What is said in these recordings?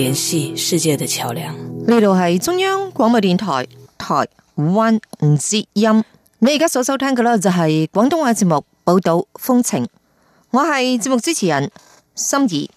聯繫世界的橋樑。呢度係中央廣播電台台灣之音，你而家所收聽嘅咧就係廣東話節目《寶島風情》，我係節目主持人心儀。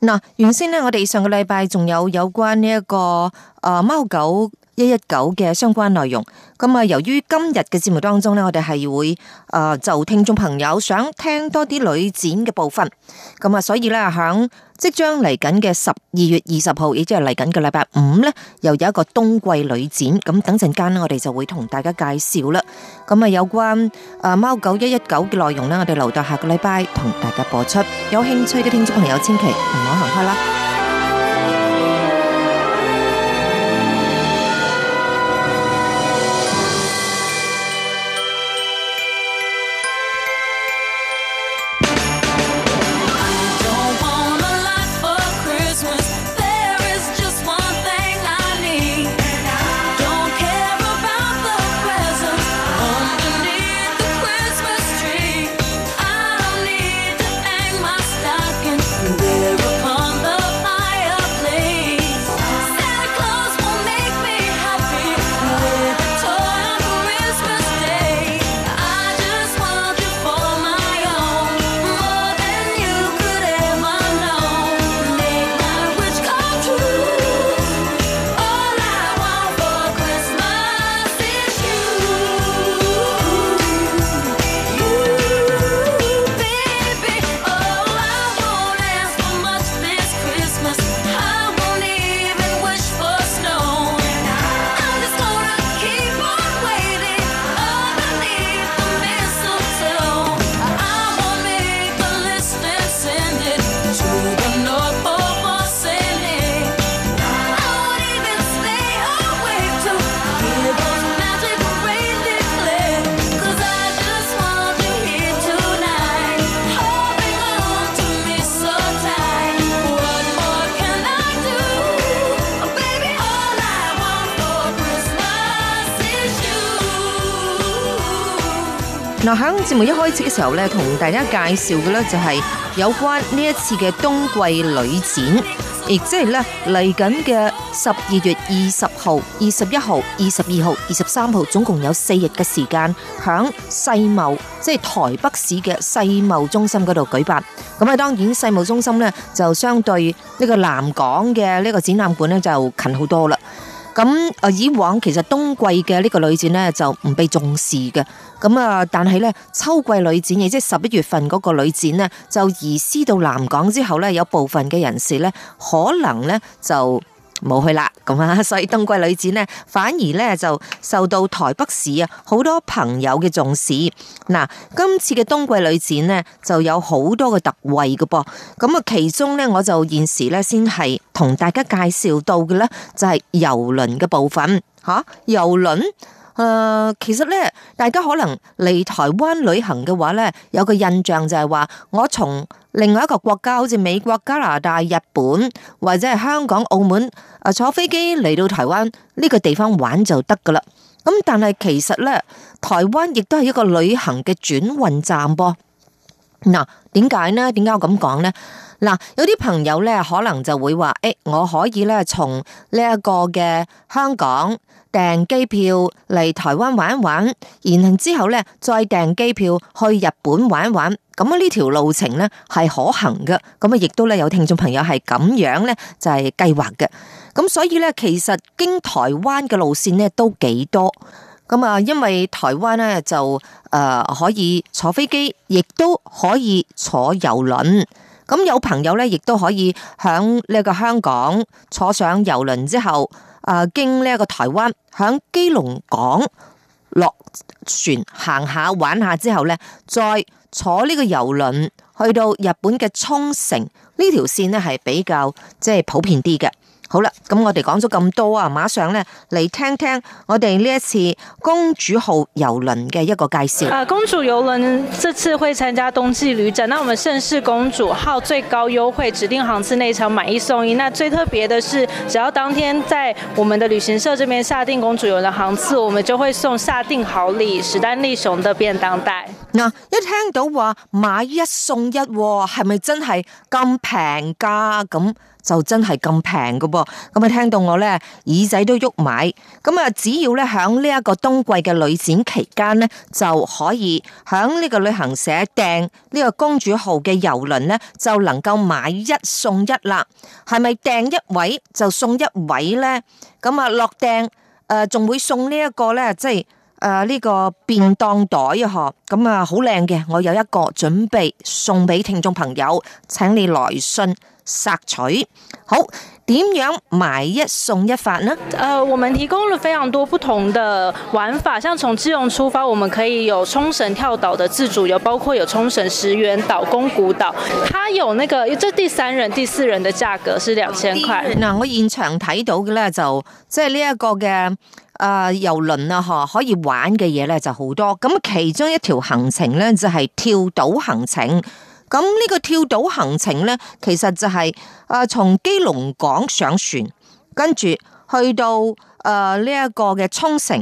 嗱，原先咧我哋上個禮拜仲有有關呢、這、一個誒貓、呃、狗。一一九嘅相關內容，咁啊，由於今日嘅節目當中呢，我哋係會誒、呃、就聽眾朋友想聽多啲旅展嘅部分，咁啊，所以呢，響即將嚟緊嘅十二月二十號，亦即係嚟緊嘅禮拜五呢，又有一個冬季旅展，咁等陣間呢我哋就會同大家介紹啦。咁啊，有關誒貓狗一一九嘅內容呢，我哋留到下個禮拜同大家播出。有興趣嘅聽眾朋友，千祈唔好行開啦。嗱，喺節目一開始嘅時候咧，同大家介紹嘅咧就係有關呢一次嘅冬季旅展，亦即係咧嚟緊嘅十二月二十號、二十一號、二十二號、二十三號，總共有四日嘅時間，響世貿，即係台北市嘅世貿中心嗰度舉辦。咁啊，當然世貿中心呢就相對呢個南港嘅呢個展覽館呢就近好多啦。咁啊，以往其實冬季嘅呢個旅展呢，就唔被重視嘅，咁啊，但係呢秋季旅展，亦即係十一月份嗰個旅展呢，就移師到南港之後呢，有部分嘅人士呢，可能呢就。冇去啦，咁啊，所以冬季旅展咧，反而咧就受到台北市啊好多朋友嘅重視。嗱，今次嘅冬季旅展咧，就有好多嘅特惠嘅噃。咁啊，其中咧，我就現時咧先係同大家介紹到嘅咧，就係遊輪嘅部分吓，遊輪。誒、呃，其實咧，大家可能嚟台灣旅行嘅話咧，有個印象就係話，我從另外一個國家，好似美國、加拿大、日本，或者係香港、澳門，坐飛機嚟到台灣呢個地方玩就得噶啦。咁但係其實咧，台灣亦都係一個旅行嘅轉運站噃。嗱，點解呢？點解我咁講呢？嗱，有啲朋友咧，可能就會話，誒、哎，我可以咧從呢一個嘅香港。訂機票嚟台灣玩一玩，然後之後咧再訂機票去日本玩一玩，咁啊呢條路程咧係可行嘅。咁啊亦都咧有聽眾朋友係咁樣咧就係計劃嘅，咁所以咧其實經台灣嘅路線咧都幾多，咁啊因為台灣咧就誒可以坐飛機，亦都可以坐遊輪，咁有朋友咧亦都可以響呢個香港坐上遊輪之後。啊！經呢一個台灣，響基隆港落船，行下玩下之後咧，再坐呢個遊輪去到日本嘅沖繩，呢條線咧係比較即係普遍啲嘅。好啦，咁我哋講咗咁多啊，馬上呢，嚟聽聽我哋呢一次公主號遊輪嘅一個介紹。公主遊輪這次會參加冬季旅展，那我們盛世公主號最高優惠，指定航次那場買一送一。那最特別嘅是，只要當天在我們的旅行社這邊下定公主遊輪航次，我們就會送下定好禮史丹利熊的便當袋。嗱、啊，一聽到話買一送一，啊，係咪真係咁平噶？咁就真係咁平㗎噃，咁啊聽到我咧耳仔都喐埋，咁啊只要咧喺呢一個冬季嘅旅展期間咧，就可以喺呢個旅行社訂呢個公主號嘅郵輪咧，就能夠買一送一啦。係咪訂一位就送一位咧？咁啊落訂誒，仲、呃、會送呢一個咧，即係誒呢個便當袋啊嗬，咁啊好靚嘅，我有一個準備送俾聽眾朋友，請你來信。殺取好點樣買一送一法呢？誒、呃，我們提供了非常多不同的玩法，像從智勇出發，我們可以有沖繩跳島的自主遊，包括有沖繩石垣島、島宮古島，它有那個即第三人、第四人的價格是兩千塊。嗱、啊，我現場睇到嘅呢，就即係呢一個嘅、誒、呃、遊輪啊，嗬，可以玩嘅嘢，呢就好多。咁其中一條行程呢，就係、是、跳島行程。咁呢個跳島行程呢，其實就係啊從基隆港上船，跟住去到誒呢一個嘅沖繩，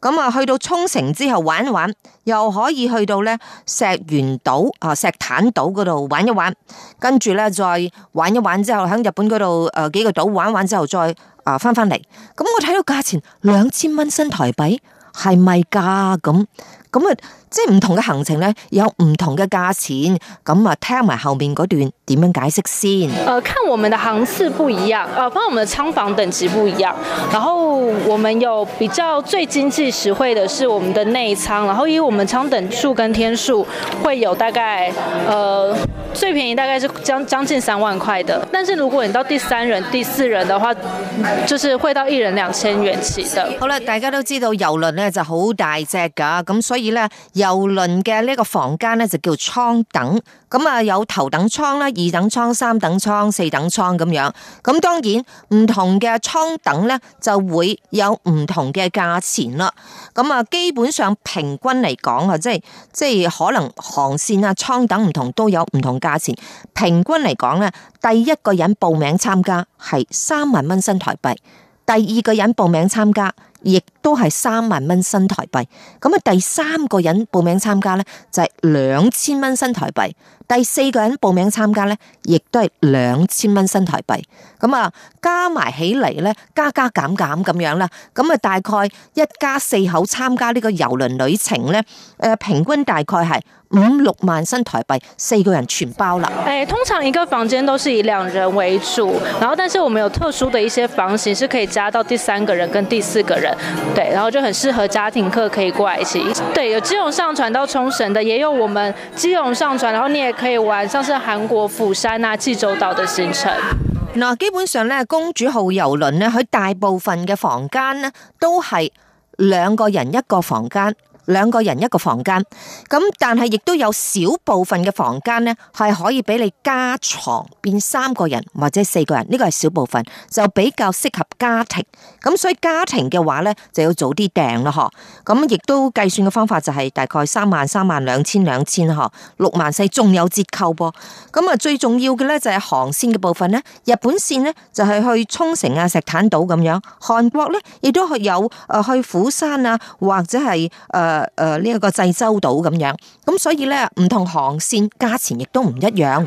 咁、嗯、啊去到沖繩之後玩一玩，又可以去到呢石原島啊石垣島嗰度玩一玩，跟住呢，再玩一玩之後喺日本嗰度誒幾個島玩玩之後再啊翻返嚟，咁、嗯、我睇到價錢兩千蚊新台幣係咪噶咁？是咁啊，即係唔同嘅行程咧，有唔同嘅價錢。咁啊，聽埋後面嗰段點樣解釋先。呃，看我們的航次不一樣，誒，包括我們的艙房等級不一樣。然後我們有比較最經濟實惠的是我們的內艙。然後以我們艙等數跟天數，會有大概，呃，最便宜大概是將將近三萬塊的。但是如果你到第三人、第四人的話，就是會到一人兩千元起的。好啦，大家都知道遊輪咧就好大隻噶，咁所以。以咧遊輪嘅呢個房間呢，就叫艙等，咁啊有頭等艙啦、二等艙、三等艙、四等艙咁樣，咁當然唔同嘅艙等呢，就會有唔同嘅價錢啦。咁啊，基本上平均嚟講啊，即係即係可能航線啊、艙等唔同都有唔同價錢，平均嚟講呢，第一個人報名參加係三萬蚊新台幣，第二個人報名參加。亦都係三萬蚊新台幣，咁啊第三個人報名參加咧就係兩千蚊新台幣，第四個人報名參加咧亦都係兩千蚊新台幣，咁啊加埋起嚟咧加加減減咁樣啦，咁啊大概一家四口參加呢個郵輪旅程咧，誒平均大概係五六萬新台幣，四個人全包啦。誒、欸，通常一個房間都是以兩人為主，然後但是我們有特殊的一些房型是可以加到第三個人跟第四個人。對，然後就很適合家庭客可以過來一起。對，有基隆上船到沖繩的，也有我們基隆上船，然後你也可以玩，像是韓國釜山啊、濟州島的行程。那基本上呢，公主號遊輪呢，佢大部分嘅房間都係兩個人一個房間。兩個人一個房間，咁但係亦都有少部分嘅房間咧，係可以俾你加床變三個人或者四個人，呢、這個係小部分，就比較適合家庭。咁所以家庭嘅話呢，就要早啲訂啦，嗬。咁亦都計算嘅方法就係大概三萬、三萬兩千、兩千嗬，六萬四，仲有折扣噃。咁啊，最重要嘅呢，就係、是、航綫嘅部分咧，日本綫呢，就係、是、去沖繩啊、石垣島咁樣，韓國呢，亦都係有誒、呃、去釜山啊或者係誒。呃誒誒，呢一個濟州島咁樣，咁所以咧唔同航線價錢亦都唔一樣。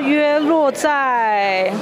約落在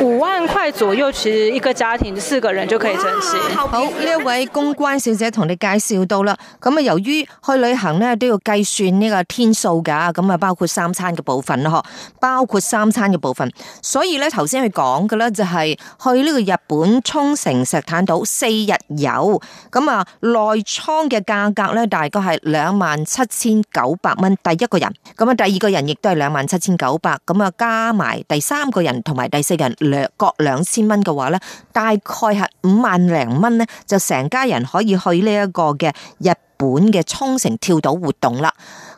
五萬塊左右，其實一個家庭四個人就可以承受。好，一位公關小姐同你介紹到啦。咁啊，由於去旅行咧都要計算呢個天數噶，咁啊包括三餐嘅部分咯，包括三餐嘅部分。所以咧，頭先佢講嘅咧就係、是、去呢個日本沖繩石垣島四日遊。咁啊，內艙嘅價格咧，大概係兩萬七千九百蚊，第一個人。咁啊，第二個人亦都係兩萬七千九百，咁啊。加埋第三個人同埋第四個人，各兩千蚊嘅話咧，大概係五萬零蚊咧，就成家人可以去呢一個嘅日。本嘅沖繩跳島活動啦，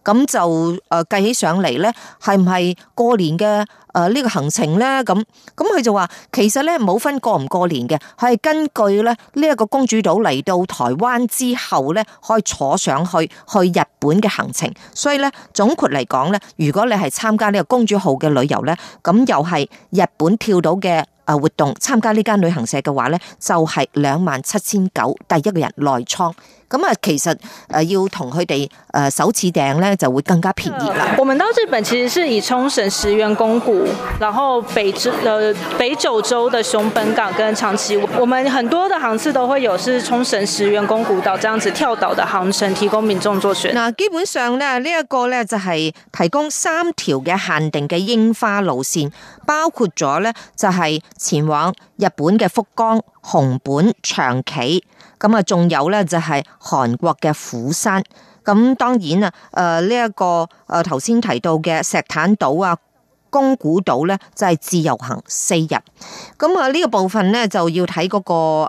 咁就誒計起上嚟咧，係唔係過年嘅誒呢個行程咧？咁咁佢就話，其實咧冇分過唔過年嘅，係根據咧呢一個公主島嚟到台灣之後咧，可以坐上去去日本嘅行程。所以咧總括嚟講咧，如果你係參加呢個公主號嘅旅遊咧，咁又係日本跳島嘅誒活動，參加呢間旅行社嘅話咧，就係兩萬七千九，第一個人內艙。咁啊，其實誒要同佢哋誒首次訂咧，就會更加便宜啦。我們到日本其實是以沖繩石垣宮古，然後北誒北九州的熊本港跟長崎，我們很多的航次都會有是沖繩石垣宮古島這樣子跳島的航程。提供民眾作選？嗱，基本上咧呢一個咧就係提供三條嘅限定嘅櫻花路線，包括咗咧就係前往日本嘅福岡。熊本長崎，咁啊，仲有咧就係韓國嘅釜山，咁當然啊，誒呢一個誒頭先提到嘅石垣島啊。宮古島呢，就係自由行四日，咁啊呢個部分呢，就要睇、嗰個個誒、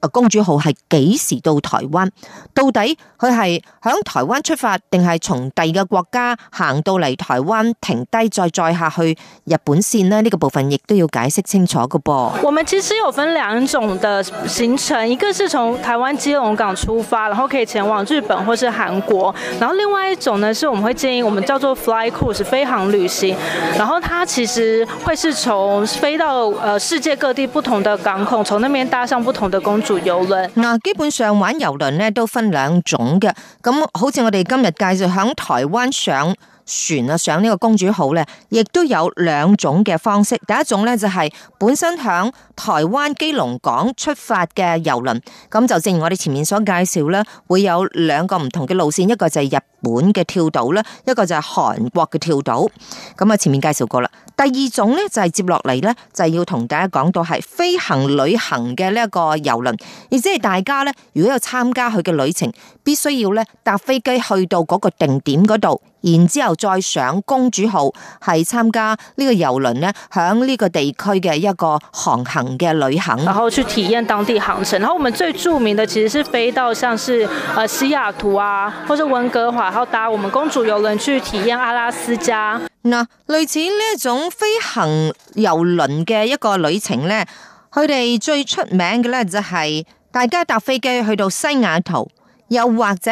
呃、公主號係幾時到台灣，到底佢係響台灣出發定係從第二個國家行到嚟台灣停低再載下去日本線呢，呢、這個部分亦都要解釋清楚嘅噃。我們其實有分兩種的行程，一個是從台灣基隆港出發，然後可以前往日本或是韓國，然後另外一種呢是我們會建議我們叫做 Fly Cruise 飛航旅行，然後。它其實會是從飛到，誒，世界各地不同的港口，從那邊搭上不同的公主遊輪。嗱、啊，基本上玩遊輪呢都分兩種嘅，咁好似我哋今日介紹響台灣上船啊，上呢個公主號咧，亦都有兩種嘅方式。第一種咧就係、是、本身響台灣基隆港出發嘅遊輪，咁就正如我哋前面所介紹咧，會有兩個唔同嘅路線，一個就係日本嘅跳島啦，一個就係韓國嘅跳島。咁啊，前面介紹過啦。第二種咧就係接落嚟咧，就係、是、要同大家講到係飛行旅行嘅呢一個遊輪，亦即係大家咧如果有參加佢嘅旅程，必須要咧搭飛機去到嗰個定點嗰度。然之後再上公主號，係參加呢個郵輪呢響呢個地區嘅一個航行嘅旅行，然後去體驗當地航程。然後我們最著名的其實是飛到，像是西雅圖啊，或者温哥華，然後搭我們公主郵輪去體驗阿拉斯加。嗱，類似呢一種飛行郵輪嘅一個旅程呢，佢哋最出名嘅呢，就係大家搭飛機去到西雅圖，又或者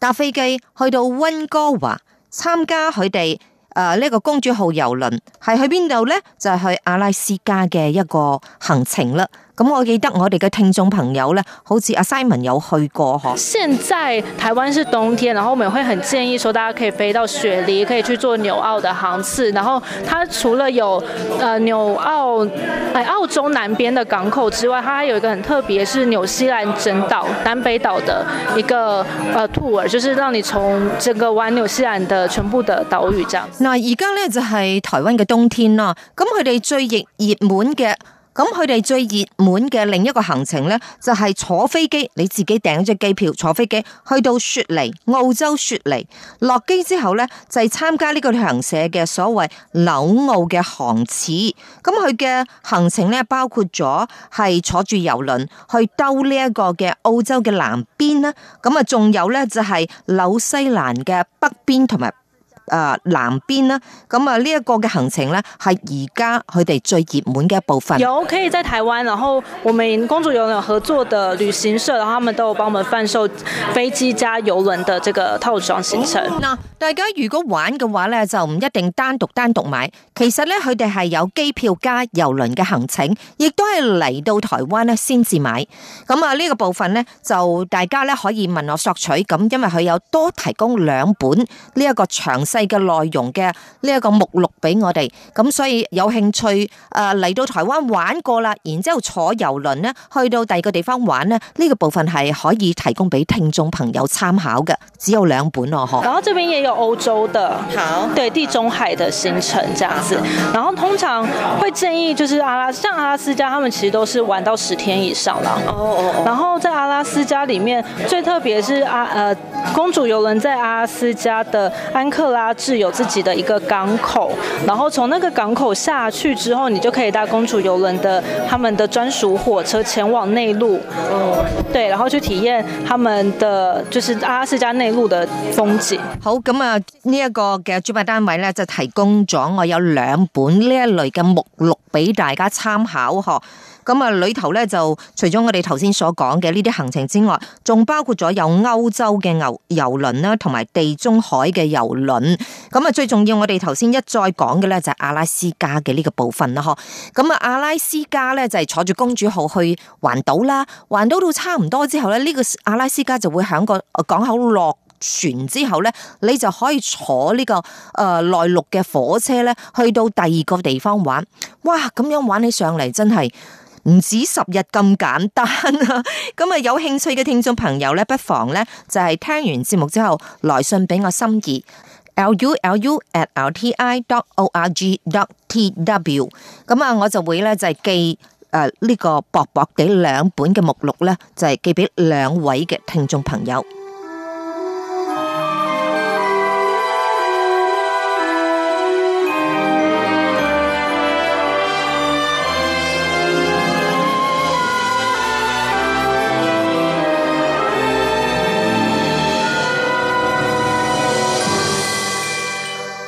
搭飛機去到温哥華。參加佢哋誒呢個公主號遊輪，係去邊度咧？就係去阿拉斯加嘅一個行程啦。咁我記得我哋嘅聽眾朋友咧，好似阿 Simon 有去過嗬。現在台灣是冬天，然後我們會很建議說，大家可以飛到雪梨，可以去坐紐澳的航次。然後，它除了有呃紐澳、澳洲南邊的港口之外，它還有一個很特別，是紐西蘭整島南北島的一個呃 tour，就是讓你從這個玩紐西蘭的全部的島嶼。這樣嗱，而家咧就係台灣嘅冬天啦。咁佢哋最熱熱門嘅。咁佢哋最熱門嘅另一個行程咧，就係、是、坐飛機，你自己訂隻機票，坐飛機去到雪梨，澳洲雪梨。落機之後咧，就係參加呢個旅行社嘅所謂紐澳嘅航次。咁佢嘅行程咧，包括咗係坐住遊輪去兜呢一個嘅澳洲嘅南邊啦。咁啊，仲有咧就係、是、紐西蘭嘅北邊同埋。啊、呃、南邊呢，咁啊呢一個嘅行程呢，係而家佢哋最熱門嘅一部分。有，可以在台灣，然後我們公主有有合作嘅旅行社，然後他們都有幫我們販售飛機加郵輪嘅這個套裝行程。哦大家如果玩嘅話咧，就唔一定單獨單獨買，其實咧佢哋係有機票加郵輪嘅行程，亦都係嚟到台灣咧先至買。咁啊呢個部分咧就大家咧可以問我索取，咁因為佢有多提供兩本呢一個詳細嘅內容嘅呢一個目錄俾我哋，咁所以有興趣誒嚟到台灣玩過啦，然之後坐郵輪咧去到第二個地方玩咧，呢個部分係可以提供俾聽眾朋友參考嘅，只有兩本咯嗬。歐洲的，好，對地中海的行程這樣子，然後通常會建議就是阿拉像阿拉斯加，他們其實都是玩到十天以上啦。哦哦哦。然後在阿拉斯加裏面，最特別是阿呃公主郵輪在阿拉斯加的安克拉治有自己的一個港口，然後從那個港口下去之後，你就可以搭公主郵輪的他們的專屬火車前往內陸。嗯，oh, oh. 對，然後去體驗他們的就是阿拉斯加內陸的風景。好，咁。呢一個嘅主辦單位咧，就提供咗我有兩本呢一類嘅目錄俾大家參考，嗬。咁啊，裏頭咧就除咗我哋頭先所講嘅呢啲行程之外，仲包括咗有歐洲嘅牛、遊輪啦，同埋地中海嘅遊輪。咁啊，最重要我哋頭先一再講嘅咧，就係阿拉斯加嘅呢個部分啦，嗬。咁啊，阿拉斯加咧就係坐住公主號去環島啦，環島到差唔多之後咧，呢個阿拉斯加就會喺個港口落，船之後咧，你就可以坐呢、這個誒內陸嘅火車咧，去到第二個地方玩。哇，咁樣玩起上嚟真係唔止十日咁簡單啦、啊。咁 啊、嗯，有興趣嘅聽眾朋友咧，不妨咧就係、是、聽完節目之後，來信俾我心怡 lulu l,、U l, U、l t I. t i dot o r g dot tw。咁啊、嗯，我就會咧就係、是、寄誒呢、呃這個薄薄嘅兩本嘅目錄咧，就係、是、寄俾兩位嘅聽眾朋友。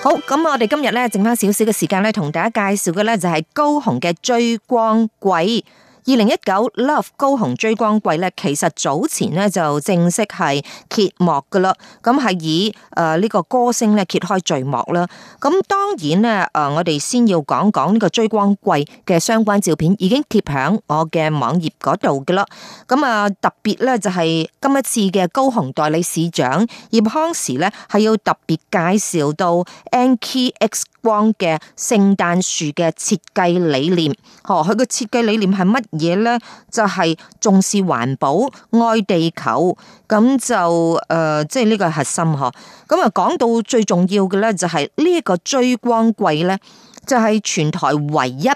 好，咁我哋今日呢，剩返少少嘅時間呢，同大家介紹嘅呢，就係高雄嘅追光季。二零一九 Love 高雄追光季咧，其實早前咧就正式係揭幕㗎啦，咁係以誒呢、呃這個歌星咧揭開序幕啦。咁當然咧誒、呃，我哋先要講講呢個追光季嘅相關照片，已經貼喺我嘅網頁嗰度㗎啦。咁啊特別咧就係、是、今一次嘅高雄代理市長葉康時咧，係要特別介紹到 N K X 光嘅聖誕樹嘅設計理念。嗬、哦，佢嘅設計理念係乜？嘢咧就係、是、重視環保愛地球，咁就誒即係呢個核心嗬，咁啊講到最重要嘅咧，就係呢一個追光季咧，就係、是、全台唯一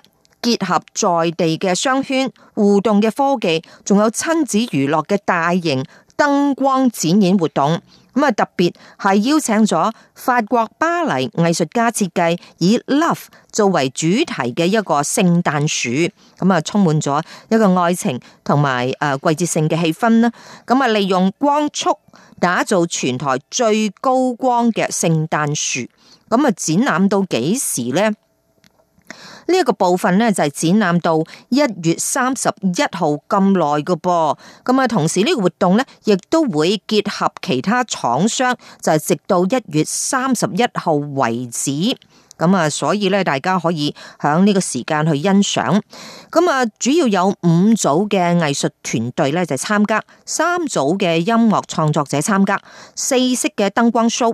結合在地嘅商圈互動嘅科技，仲有親子娛樂嘅大型燈光展演活動咁啊，特別係邀請咗法國巴黎藝術家設計以 love 作為主題嘅一個聖誕樹，咁啊充滿咗一個愛情同埋誒季節性嘅氣氛啦。咁啊，利用光速打造全台最高光嘅聖誕樹，咁啊展覽到幾時呢？呢一個部分咧就係展覽到一月三十一號咁耐嘅噃，咁啊同時呢個活動咧亦都會結合其他廠商，就係、是、直到一月三十一號為止。咁啊，所以咧，大家可以響呢個時間去欣賞。咁啊，主要有五組嘅藝術團隊咧，就參加三組嘅音樂創作者參加四色嘅燈光 show。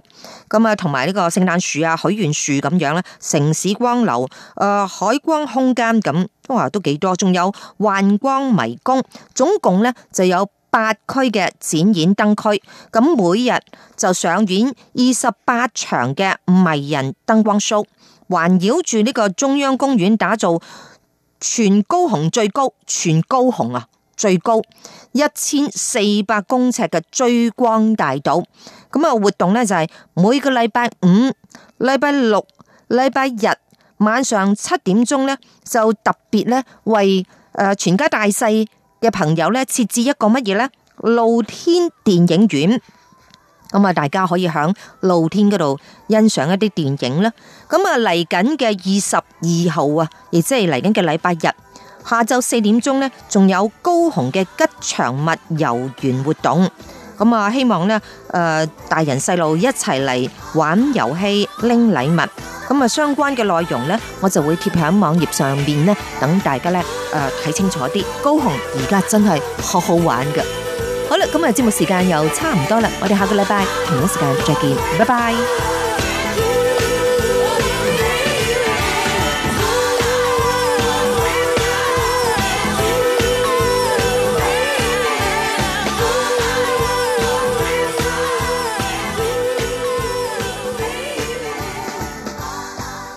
咁啊，同埋呢個聖誕樹啊、許願樹咁樣咧，城市光流、誒、呃、海光空間咁，哇都幾多。仲有幻光迷宮，總共咧就有八區嘅展演燈區。咁每日就上演二十八場嘅迷人燈光 show。環繞住呢個中央公園，打造全高雄最高、全高雄啊最高一千四百公尺嘅追光大道。咁啊，活動呢，就係每個禮拜五、禮拜六、禮拜日晚上七點鐘呢，就特別呢為誒全家大細嘅朋友呢設置一個乜嘢呢？露天電影院。咁啊，大家可以喺露天嗰度欣賞一啲電影啦。咁啊，嚟緊嘅二十二號啊，亦即係嚟緊嘅禮拜日下晝四點鐘咧，仲有高雄嘅吉祥物遊園活動。咁啊，希望咧誒大人細路一齊嚟玩遊戲拎禮物。咁啊，相關嘅內容咧，我就會貼喺網頁上面咧，等大家咧誒睇清楚啲。高雄而家真係好好玩嘅。好啦，今日，節目時間又差唔多啦，我哋下個禮拜同一時間再見，拜拜。